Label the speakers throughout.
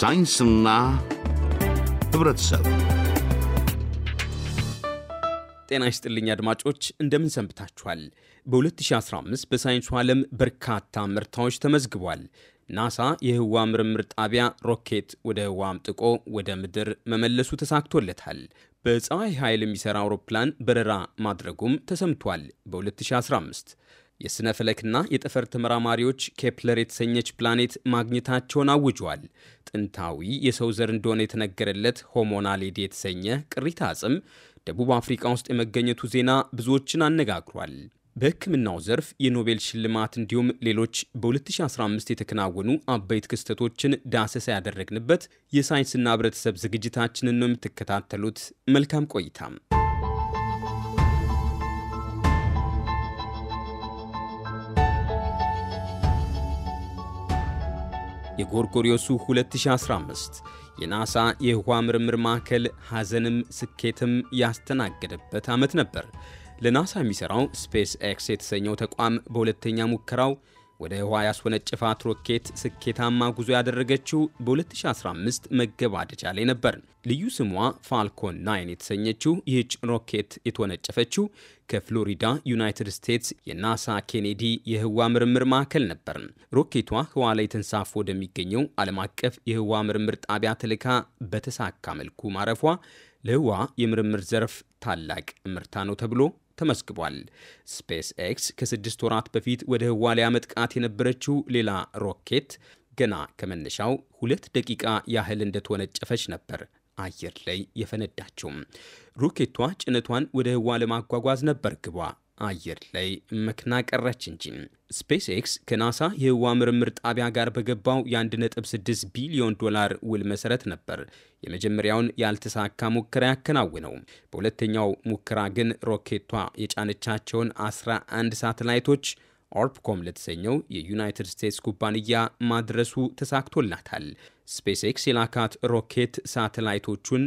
Speaker 1: ሳይንስና ህብረተሰብ ጤና ይስጥልኝ አድማጮች፣ እንደምን ሰንብታችኋል? በ2015 በሳይንሱ ዓለም በርካታ ምርታዎች ተመዝግቧል። ናሳ የህዋ ምርምር ጣቢያ ሮኬት ወደ ህዋ አምጥቆ ወደ ምድር መመለሱ ተሳክቶለታል። በፀሐይ ኃይል የሚሠራ አውሮፕላን በረራ ማድረጉም ተሰምቷል። በ2015 የሥነ ፈለክና የጠፈር ተመራማሪዎች ኬፕለር የተሰኘች ፕላኔት ማግኘታቸውን አውጇል። ጥንታዊ የሰው ዘር እንደሆነ የተነገረለት ሆሞናሌድ የተሰኘ ቅሪተ አጽም ደቡብ አፍሪካ ውስጥ የመገኘቱ ዜና ብዙዎችን አነጋግሯል። በሕክምናው ዘርፍ የኖቤል ሽልማት እንዲሁም ሌሎች በ2015 የተከናወኑ አበይት ክስተቶችን ዳሰሳ ያደረግንበት የሳይንስና ሕብረተሰብ ዝግጅታችንን ነው የምትከታተሉት። መልካም ቆይታም የጎርጎሪዮሱ 2015 የናሳ የህዋ ምርምር ማዕከል ሐዘንም ስኬትም ያስተናገደበት ዓመት ነበር። ለናሳ የሚሠራው ስፔስ ኤክስ የተሰኘው ተቋም በሁለተኛ ሙከራው ወደ ህዋ ያስወነጨፋት ሮኬት ስኬታማ ጉዞ ያደረገችው በ2015 መገባደጃ ላይ ነበር። ልዩ ስሟ ፋልኮን ናይን የተሰኘችው ይህች ሮኬት የተወነጨፈችው ከፍሎሪዳ ዩናይትድ ስቴትስ የናሳ ኬኔዲ የህዋ ምርምር ማዕከል ነበር። ሮኬቷ ህዋ ላይ ተንሳፎ ወደሚገኘው ዓለም አቀፍ የህዋ ምርምር ጣቢያ ተልካ በተሳካ መልኩ ማረፏ ለህዋ የምርምር ዘርፍ ታላቅ ምርታ ነው ተብሎ ተመስግቧል። ስፔስ ኤክስ ከስድስት ወራት በፊት ወደ ህዋ ሊያመጥቃት የነበረችው ሌላ ሮኬት ገና ከመነሻው ሁለት ደቂቃ ያህል እንደተወነጨፈች ነበር አየር ላይ የፈነዳችው። ሮኬቷ ጭነቷን ወደ ህዋ ለማጓጓዝ ነበር ግቧ። አየር ላይ መክና ቀረች እንጂ። ስፔስ ኤክስ ከናሳ የህዋ ምርምር ጣቢያ ጋር በገባው የ1.6 ቢሊዮን ዶላር ውል መሰረት ነበር የመጀመሪያውን ያልተሳካ ሙከራ ያከናውነው። በሁለተኛው ሙከራ ግን ሮኬቷ የጫነቻቸውን 11 ሳተላይቶች ኦርፕኮም ለተሰኘው የዩናይትድ ስቴትስ ኩባንያ ማድረሱ ተሳክቶላታል። ስፔስ ኤክስ የላካት ሮኬት ሳተላይቶቹን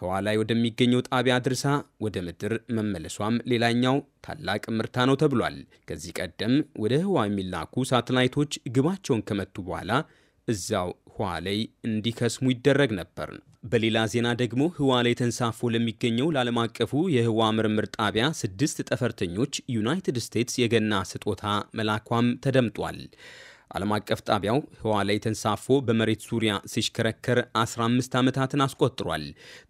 Speaker 1: ህዋ ላይ ወደሚገኘው ጣቢያ አድርሳ ወደ ምድር መመለሷም ሌላኛው ታላቅ ምርታ ነው ተብሏል። ከዚህ ቀደም ወደ ህዋ የሚላኩ ሳተላይቶች ግባቸውን ከመቱ በኋላ እዚያው ህዋ ላይ እንዲከስሙ ይደረግ ነበር። በሌላ ዜና ደግሞ ህዋ ላይ ተንሳፎ ለሚገኘው ለዓለም አቀፉ የህዋ ምርምር ጣቢያ ስድስት ጠፈርተኞች ዩናይትድ ስቴትስ የገና ስጦታ መላኳም ተደምጧል። ዓለም አቀፍ ጣቢያው ህዋ ላይ ተንሳፎ በመሬት ዙሪያ ሲሽከረከር 15 ዓመታትን አስቆጥሯል።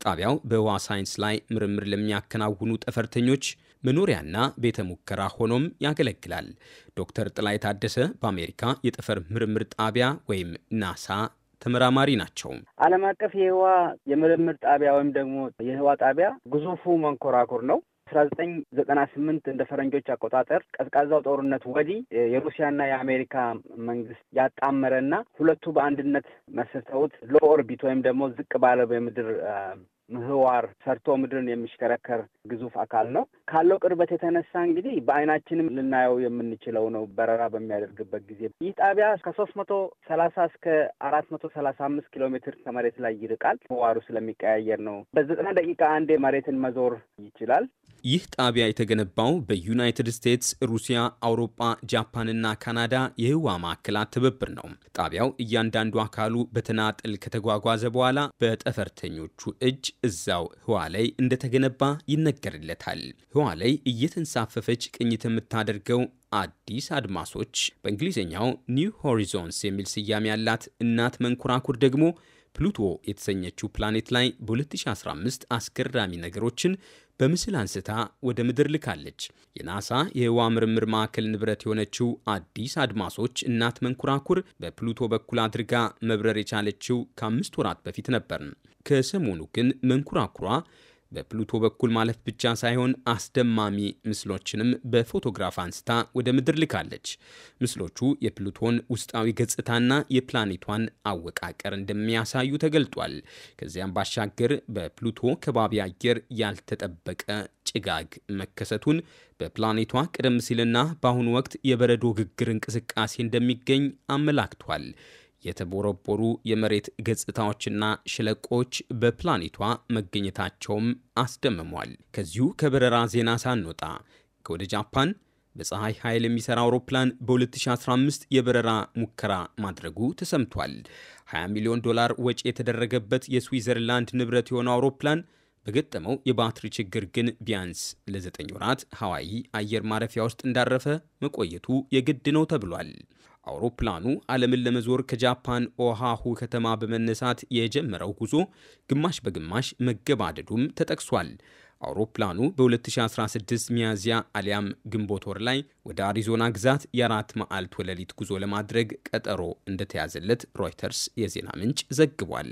Speaker 1: ጣቢያው በህዋ ሳይንስ ላይ ምርምር ለሚያከናውኑ ጠፈርተኞች መኖሪያና ቤተ ሙከራ ሆኖም ያገለግላል። ዶክተር ጥላይ ታደሰ በአሜሪካ የጠፈር ምርምር ጣቢያ ወይም ናሳ ተመራማሪ ናቸው። ዓለም አቀፍ የህዋ የምርምር ጣቢያ ወይም ደግሞ የህዋ ጣቢያ ግዙፉ መንኮራኩር ነው። አስራ ዘጠኝ ዘጠና ስምንት እንደ ፈረንጆች አቆጣጠር ቀዝቃዛው ጦርነት ወዲህ የሩሲያና የአሜሪካ መንግስት ያጣመረ ና ሁለቱ በአንድነት መስርተውት ሎ ኦርቢት ወይም ደግሞ ዝቅ ባለ የምድር ምህዋር ሰርቶ ምድርን የሚሽከረከር ግዙፍ አካል ነው። ካለው ቅርበት የተነሳ እንግዲህ በአይናችንም ልናየው የምንችለው ነው። በረራ በሚያደርግበት ጊዜ ይህ ጣቢያ ከሶስት መቶ ሰላሳ እስከ አራት መቶ ሰላሳ አምስት ኪሎ ሜትር ከመሬት ላይ ይርቃል። ምህዋሩ ስለሚቀያየር ነው። በዘጠና ደቂቃ አንዴ መሬትን መዞር ይችላል። ይህ ጣቢያ የተገነባው በዩናይትድ ስቴትስ፣ ሩሲያ፣ አውሮፓ፣ ጃፓንና ካናዳ የህዋ ማዕከላት ትብብር ነው። ጣቢያው እያንዳንዱ አካሉ በተናጥል ከተጓጓዘ በኋላ በጠፈርተኞቹ እጅ እዛው ህዋ ላይ እንደተገነባ ይነገርለታል። ህዋ ላይ እየተንሳፈፈች ቅኝት የምታደርገው አዲስ አድማሶች በእንግሊዝኛው ኒው ሆሪዞንስ የሚል ስያሜ ያላት እናት መንኮራኩር ደግሞ ፕሉቶ የተሰኘችው ፕላኔት ላይ በ2015 አስገራሚ ነገሮችን በምስል አንስታ ወደ ምድር ልካለች። የናሳ የህዋ ምርምር ማዕከል ንብረት የሆነችው አዲስ አድማሶች እናት መንኮራኩር በፕሉቶ በኩል አድርጋ መብረር የቻለችው ከአምስት ወራት በፊት ነበር። ከሰሞኑ ግን መንኮራኩሯ በፕሉቶ በኩል ማለፍ ብቻ ሳይሆን አስደማሚ ምስሎችንም በፎቶግራፍ አንስታ ወደ ምድር ልካለች። ምስሎቹ የፕሉቶን ውስጣዊ ገጽታና የፕላኔቷን አወቃቀር እንደሚያሳዩ ተገልጧል። ከዚያም ባሻገር በፕሉቶ ከባቢ አየር ያልተጠበቀ ጭጋግ መከሰቱን በፕላኔቷ ቀደም ሲልና በአሁኑ ወቅት የበረዶ ግግር እንቅስቃሴ እንደሚገኝ አመላክቷል። የተቦረቦሩ የመሬት ገጽታዎችና ሸለቆዎች በፕላኔቷ መገኘታቸውም አስደምሟል። ከዚሁ ከበረራ ዜና ሳንወጣ ከወደ ጃፓን በፀሐይ ኃይል የሚሰራ አውሮፕላን በ2015 የበረራ ሙከራ ማድረጉ ተሰምቷል። 20 ሚሊዮን ዶላር ወጪ የተደረገበት የስዊዘርላንድ ንብረት የሆነው አውሮፕላን በገጠመው የባትሪ ችግር ግን ቢያንስ ለዘጠኝ ወራት ሐዋይ አየር ማረፊያ ውስጥ እንዳረፈ መቆየቱ የግድ ነው ተብሏል። አውሮፕላኑ ዓለምን ለመዞር ከጃፓን ኦሃሁ ከተማ በመነሳት የጀመረው ጉዞ ግማሽ በግማሽ መገባደዱም ተጠቅሷል። አውሮፕላኑ በ2016 ሚያዝያ አሊያም ግንቦት ወር ላይ ወደ አሪዞና ግዛት የአራት መዓልት ወለሊት ጉዞ ለማድረግ ቀጠሮ እንደተያዘለት ሮይተርስ የዜና ምንጭ ዘግቧል።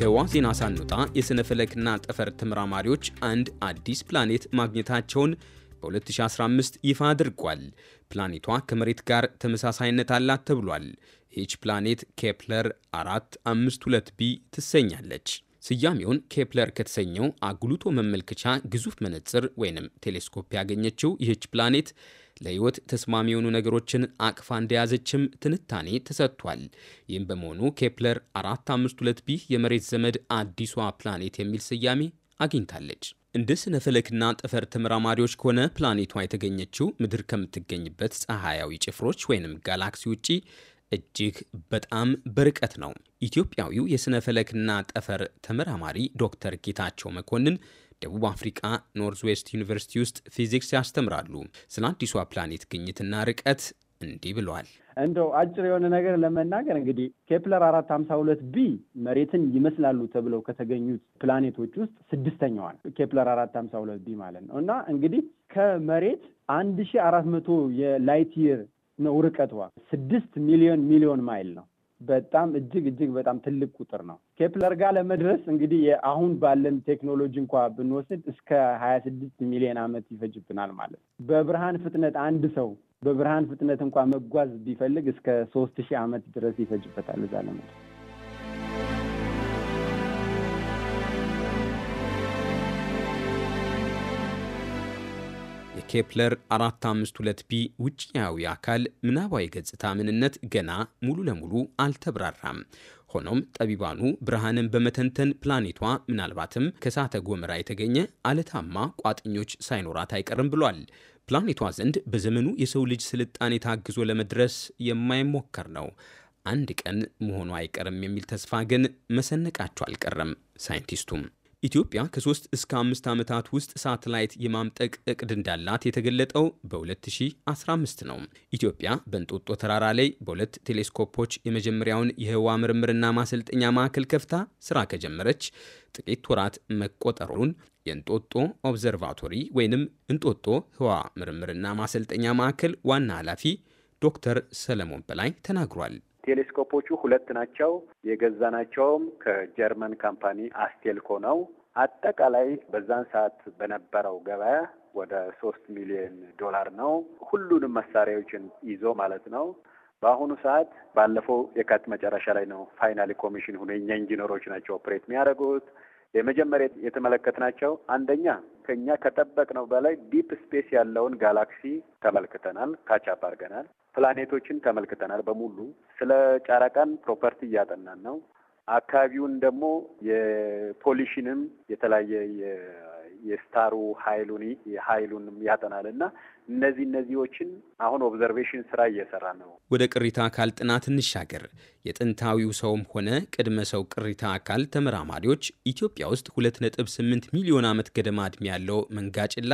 Speaker 1: ከዋዜና ሳንወጣ የሥነ ፈለክና ጠፈር ተመራማሪዎች አንድ አዲስ ፕላኔት ማግኘታቸውን በ2015 ይፋ አድርጓል። ፕላኔቷ ከመሬት ጋር ተመሳሳይነት አላት ተብሏል። ይህች ፕላኔት ኬፕለር 452 ቢ ትሰኛለች። ስያሜውን ኬፕለር ከተሰኘው አጉልቶ መመልከቻ ግዙፍ መነጽር ወይንም ቴሌስኮፕ ያገኘችው ይህች ፕላኔት ለሕይወት ተስማሚ የሆኑ ነገሮችን አቅፋ እንደያዘችም ትንታኔ ተሰጥቷል። ይህም በመሆኑ ኬፕለር 452 ቢህ የመሬት ዘመድ አዲሷ ፕላኔት የሚል ስያሜ አግኝታለች። እንደ ስነ ፈለክና ጠፈር ተመራማሪዎች ከሆነ ፕላኔቷ የተገኘችው ምድር ከምትገኝበት ፀሐያዊ ጭፍሮች ወይንም ጋላክሲ ውጪ እጅግ በጣም በርቀት ነው። ኢትዮጵያዊው የሥነ ፈለክና ጠፈር ተመራማሪ ዶክተር ጌታቸው መኮንን ደቡብ አፍሪካ ኖርዝ ዌስት ዩኒቨርሲቲ ውስጥ ፊዚክስ ያስተምራሉ። ስለ አዲሷ ፕላኔት ግኝትና ርቀት እንዲህ ብለዋል። እንደው አጭር የሆነ ነገር ለመናገር እንግዲህ ኬፕለር አራት ሀምሳ ሁለት ቢ መሬትን ይመስላሉ ተብለው ከተገኙት ፕላኔቶች ውስጥ ስድስተኛዋል። ኬፕለር አራት ሀምሳ ሁለት ቢ ማለት ነው እና እንግዲህ ከመሬት አንድ ሺ አራት መቶ የላይት ይር ነው ርቀቷ ስድስት ሚሊዮን ሚሊዮን ማይል ነው። በጣም እጅግ እጅግ በጣም ትልቅ ቁጥር ነው። ኬፕለር ጋር ለመድረስ እንግዲህ አሁን ባለን ቴክኖሎጂ እንኳ ብንወስድ እስከ ሀያ ስድስት ሚሊዮን ዓመት ይፈጅብናል ማለት ነው። በብርሃን ፍጥነት አንድ ሰው በብርሃን ፍጥነት እንኳ መጓዝ ቢፈልግ እስከ ሶስት ሺህ ዓመት ድረስ ይፈጅበታል እዛ ለመድረስ ኬፕለር 452 ቢ ውጭያዊ አካል ምናባዊ ገጽታ ምንነት ገና ሙሉ ለሙሉ አልተብራራም። ሆኖም ጠቢባኑ ብርሃንን በመተንተን ፕላኔቷ ምናልባትም ከእሳተ ጎመራ የተገኘ አለታማ ቋጥኞች ሳይኖራት አይቀርም ብሏል። ፕላኔቷ ዘንድ በዘመኑ የሰው ልጅ ስልጣኔ ታግዞ ለመድረስ የማይሞከር ነው። አንድ ቀን መሆኑ አይቀርም የሚል ተስፋ ግን መሰነቃቸው አልቀረም ሳይንቲስቱም ኢትዮጵያ ከሶስት እስከ አምስት ዓመታት ውስጥ ሳተላይት የማምጠቅ እቅድ እንዳላት የተገለጠው በ2015 ነው። ኢትዮጵያ በእንጦጦ ተራራ ላይ በሁለት ቴሌስኮፖች የመጀመሪያውን የህዋ ምርምርና ማሰልጠኛ ማዕከል ከፍታ ስራ ከጀመረች ጥቂት ወራት መቆጠሩን የእንጦጦ ኦብዘርቫቶሪ ወይንም እንጦጦ ህዋ ምርምርና ማሰልጠኛ ማዕከል ዋና ኃላፊ ዶክተር ሰለሞን በላይ ተናግሯል። ቴሌስኮፖቹ ሁለት ናቸው። የገዛናቸውም ከጀርመን ካምፓኒ አስቴልኮ ነው። አጠቃላይ በዛን ሰዓት በነበረው ገበያ ወደ ሶስት ሚሊዮን ዶላር ነው። ሁሉንም መሳሪያዎችን ይዞ ማለት ነው። በአሁኑ ሰዓት ባለፈው የካቲት መጨረሻ ላይ ነው ፋይናሊ ኮሚሽን ሆኖ ኢንጂነሮች ናቸው ኦፕሬት የሚያደርጉት የመጀመሪያ የተመለከትናቸው አንደኛ ከኛ ከጠበቅነው በላይ ዲፕ ስፔስ ያለውን ጋላክሲ ተመልክተናል፣ ካቻፕ አድርገናል። ፕላኔቶችን ተመልክተናል። በሙሉ ስለ ጨረቃን ፕሮፐርቲ እያጠናን ነው። አካባቢውን ደግሞ የፖሊሽንም የተለያየ የስታሩ ሀይሉን ሀይሉንም ያጠናል እና እነዚህ እነዚዎችን አሁን ኦብዘርቬሽን ስራ እየሰራ ነው። ወደ ቅሪታ አካል ጥናት እንሻገር። የጥንታዊው ሰውም ሆነ ቅድመ ሰው ቅሪታ አካል ተመራማሪዎች ኢትዮጵያ ውስጥ 2.8 ሚሊዮን ዓመት ገደማ ዕድሜ ያለው መንጋጭላ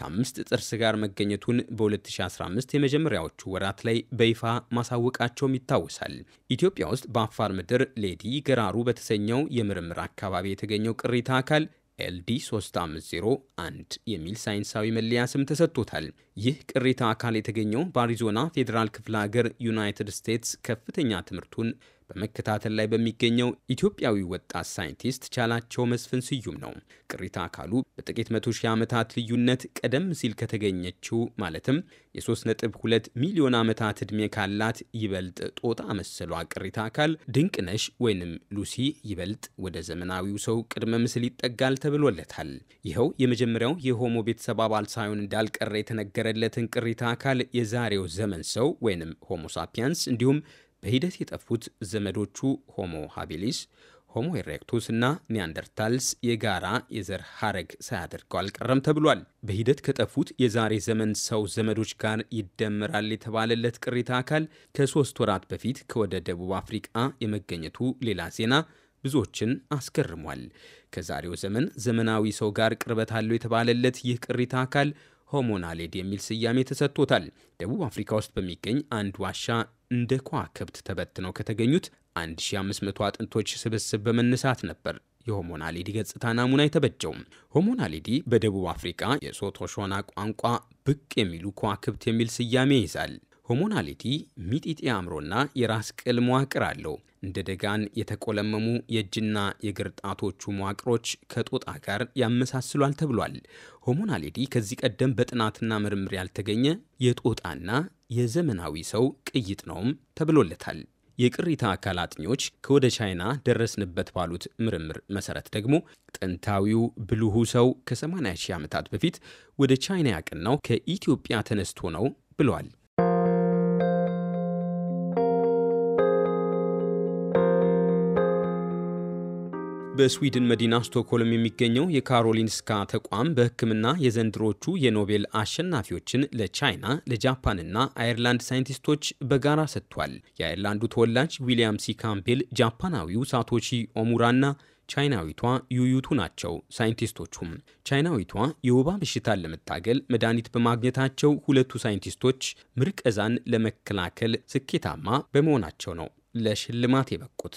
Speaker 1: ከአምስት ጥርስ ጋር መገኘቱን በ2015 የመጀመሪያዎቹ ወራት ላይ በይፋ ማሳወቃቸውም ይታወሳል። ኢትዮጵያ ውስጥ በአፋር ምድር ሌዲ ገራሩ በተሰኘው የምርምር አካባቢ የተገኘው ቅሪታ አካል ኤልዲ 3501 የሚል ሳይንሳዊ መለያ ስም ተሰጥቶታል። ይህ ቅሪተ አካል የተገኘው በአሪዞና ፌዴራል ክፍለ ሀገር ዩናይትድ ስቴትስ ከፍተኛ ትምህርቱን በመከታተል ላይ በሚገኘው ኢትዮጵያዊ ወጣት ሳይንቲስት ቻላቸው መስፍን ስዩም ነው። ቅሪታ አካሉ በጥቂት መቶ ሺህ ዓመታት ልዩነት ቀደም ሲል ከተገኘችው ማለትም የ3.2 ሚሊዮን ዓመታት ዕድሜ ካላት ይበልጥ ጦጣ መሰሏ ቅሪታ አካል ድንቅነሽ ወይንም ሉሲ ይበልጥ ወደ ዘመናዊው ሰው ቅድመ ምስል ይጠጋል ተብሎለታል። ይኸው የመጀመሪያው የሆሞ ቤተሰብ አባል ሳይሆን እንዳልቀረ የተነገረለትን ቅሪታ አካል የዛሬው ዘመን ሰው ወይንም ሆሞሳፒያንስ እንዲሁም በሂደት የጠፉት ዘመዶቹ ሆሞ ሃቢሊስ፣ ሆሞ ኢሬክቱስ እና ኒያንደርታልስ የጋራ የዘር ሐረግ ሳያደርገው አልቀረም ተብሏል። በሂደት ከጠፉት የዛሬ ዘመን ሰው ዘመዶች ጋር ይደመራል የተባለለት ቅሪተ አካል ከሶስት ወራት በፊት ከወደ ደቡብ አፍሪቃ የመገኘቱ ሌላ ዜና ብዙዎችን አስገርሟል። ከዛሬው ዘመን ዘመናዊ ሰው ጋር ቅርበት አለው የተባለለት ይህ ቅሪተ አካል ሆሞናሌድ የሚል ስያሜ ተሰጥቶታል። ደቡብ አፍሪካ ውስጥ በሚገኝ አንድ ዋሻ እንደ ከዋክብት ተበትነው ከተገኙት 1500 አጥንቶች ስብስብ በመነሳት ነበር የሆሞ ገጽታ ናሙና የተበጀው። ሆሞ በደቡብ አፍሪካ የሶቶሾና ቋንቋ ብቅ የሚሉ ከዋክብት የሚል ስያሜ ይዛል። ሆሞ ናሌዲ ሚጢጢ አእምሮና የራስ ቅል መዋቅር አለው። እንደ ደጋን የተቆለመሙ የእጅና የእግር ጣቶቹ መዋቅሮች ከጦጣ ጋር ያመሳስሏል ተብሏል። ሆሞ ከዚህ ቀደም በጥናትና ምርምር ያልተገኘ የጦጣና የዘመናዊ ሰው ቅይጥ ነውም ተብሎለታል። የቅሪታ አካል አጥኚዎች ከወደ ቻይና ደረስንበት ባሉት ምርምር መሰረት ደግሞ ጥንታዊው ብልሁ ሰው ከ80 ሺህ ዓመታት በፊት ወደ ቻይና ያቀናው ከኢትዮጵያ ተነስቶ ነው ብለዋል በስዊድን መዲና ስቶክሆልም የሚገኘው የካሮሊንስካ ተቋም በሕክምና የዘንድሮቹ የኖቤል አሸናፊዎችን ለቻይና ለጃፓንና አየርላንድ ሳይንቲስቶች በጋራ ሰጥቷል። የአየርላንዱ ተወላጅ ዊሊያም ሲ ካምፔል፣ ጃፓናዊው ሳቶሺ ኦሙራና ቻይናዊቷ ዩዩቱ ናቸው። ሳይንቲስቶቹም ቻይናዊቷ የወባ በሽታን ለመታገል መድኃኒት በማግኘታቸው ሁለቱ ሳይንቲስቶች ምርቀዛን ለመከላከል ስኬታማ በመሆናቸው ነው ለሽልማት የበቁት።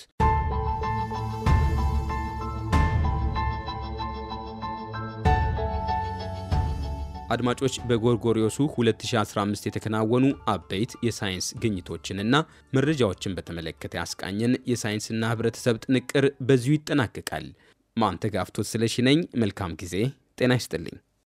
Speaker 1: አድማጮች በጎርጎሪዮሱ 2015 የተከናወኑ አበይት የሳይንስ ግኝቶችንና መረጃዎችን በተመለከተ ያስቃኘን የሳይንስና ሕብረተሰብ ጥንቅር በዚሁ ይጠናቀቃል። ማንተጋፍቶት ስለሺ ነኝ። መልካም ጊዜ። ጤና ይስጥልኝ።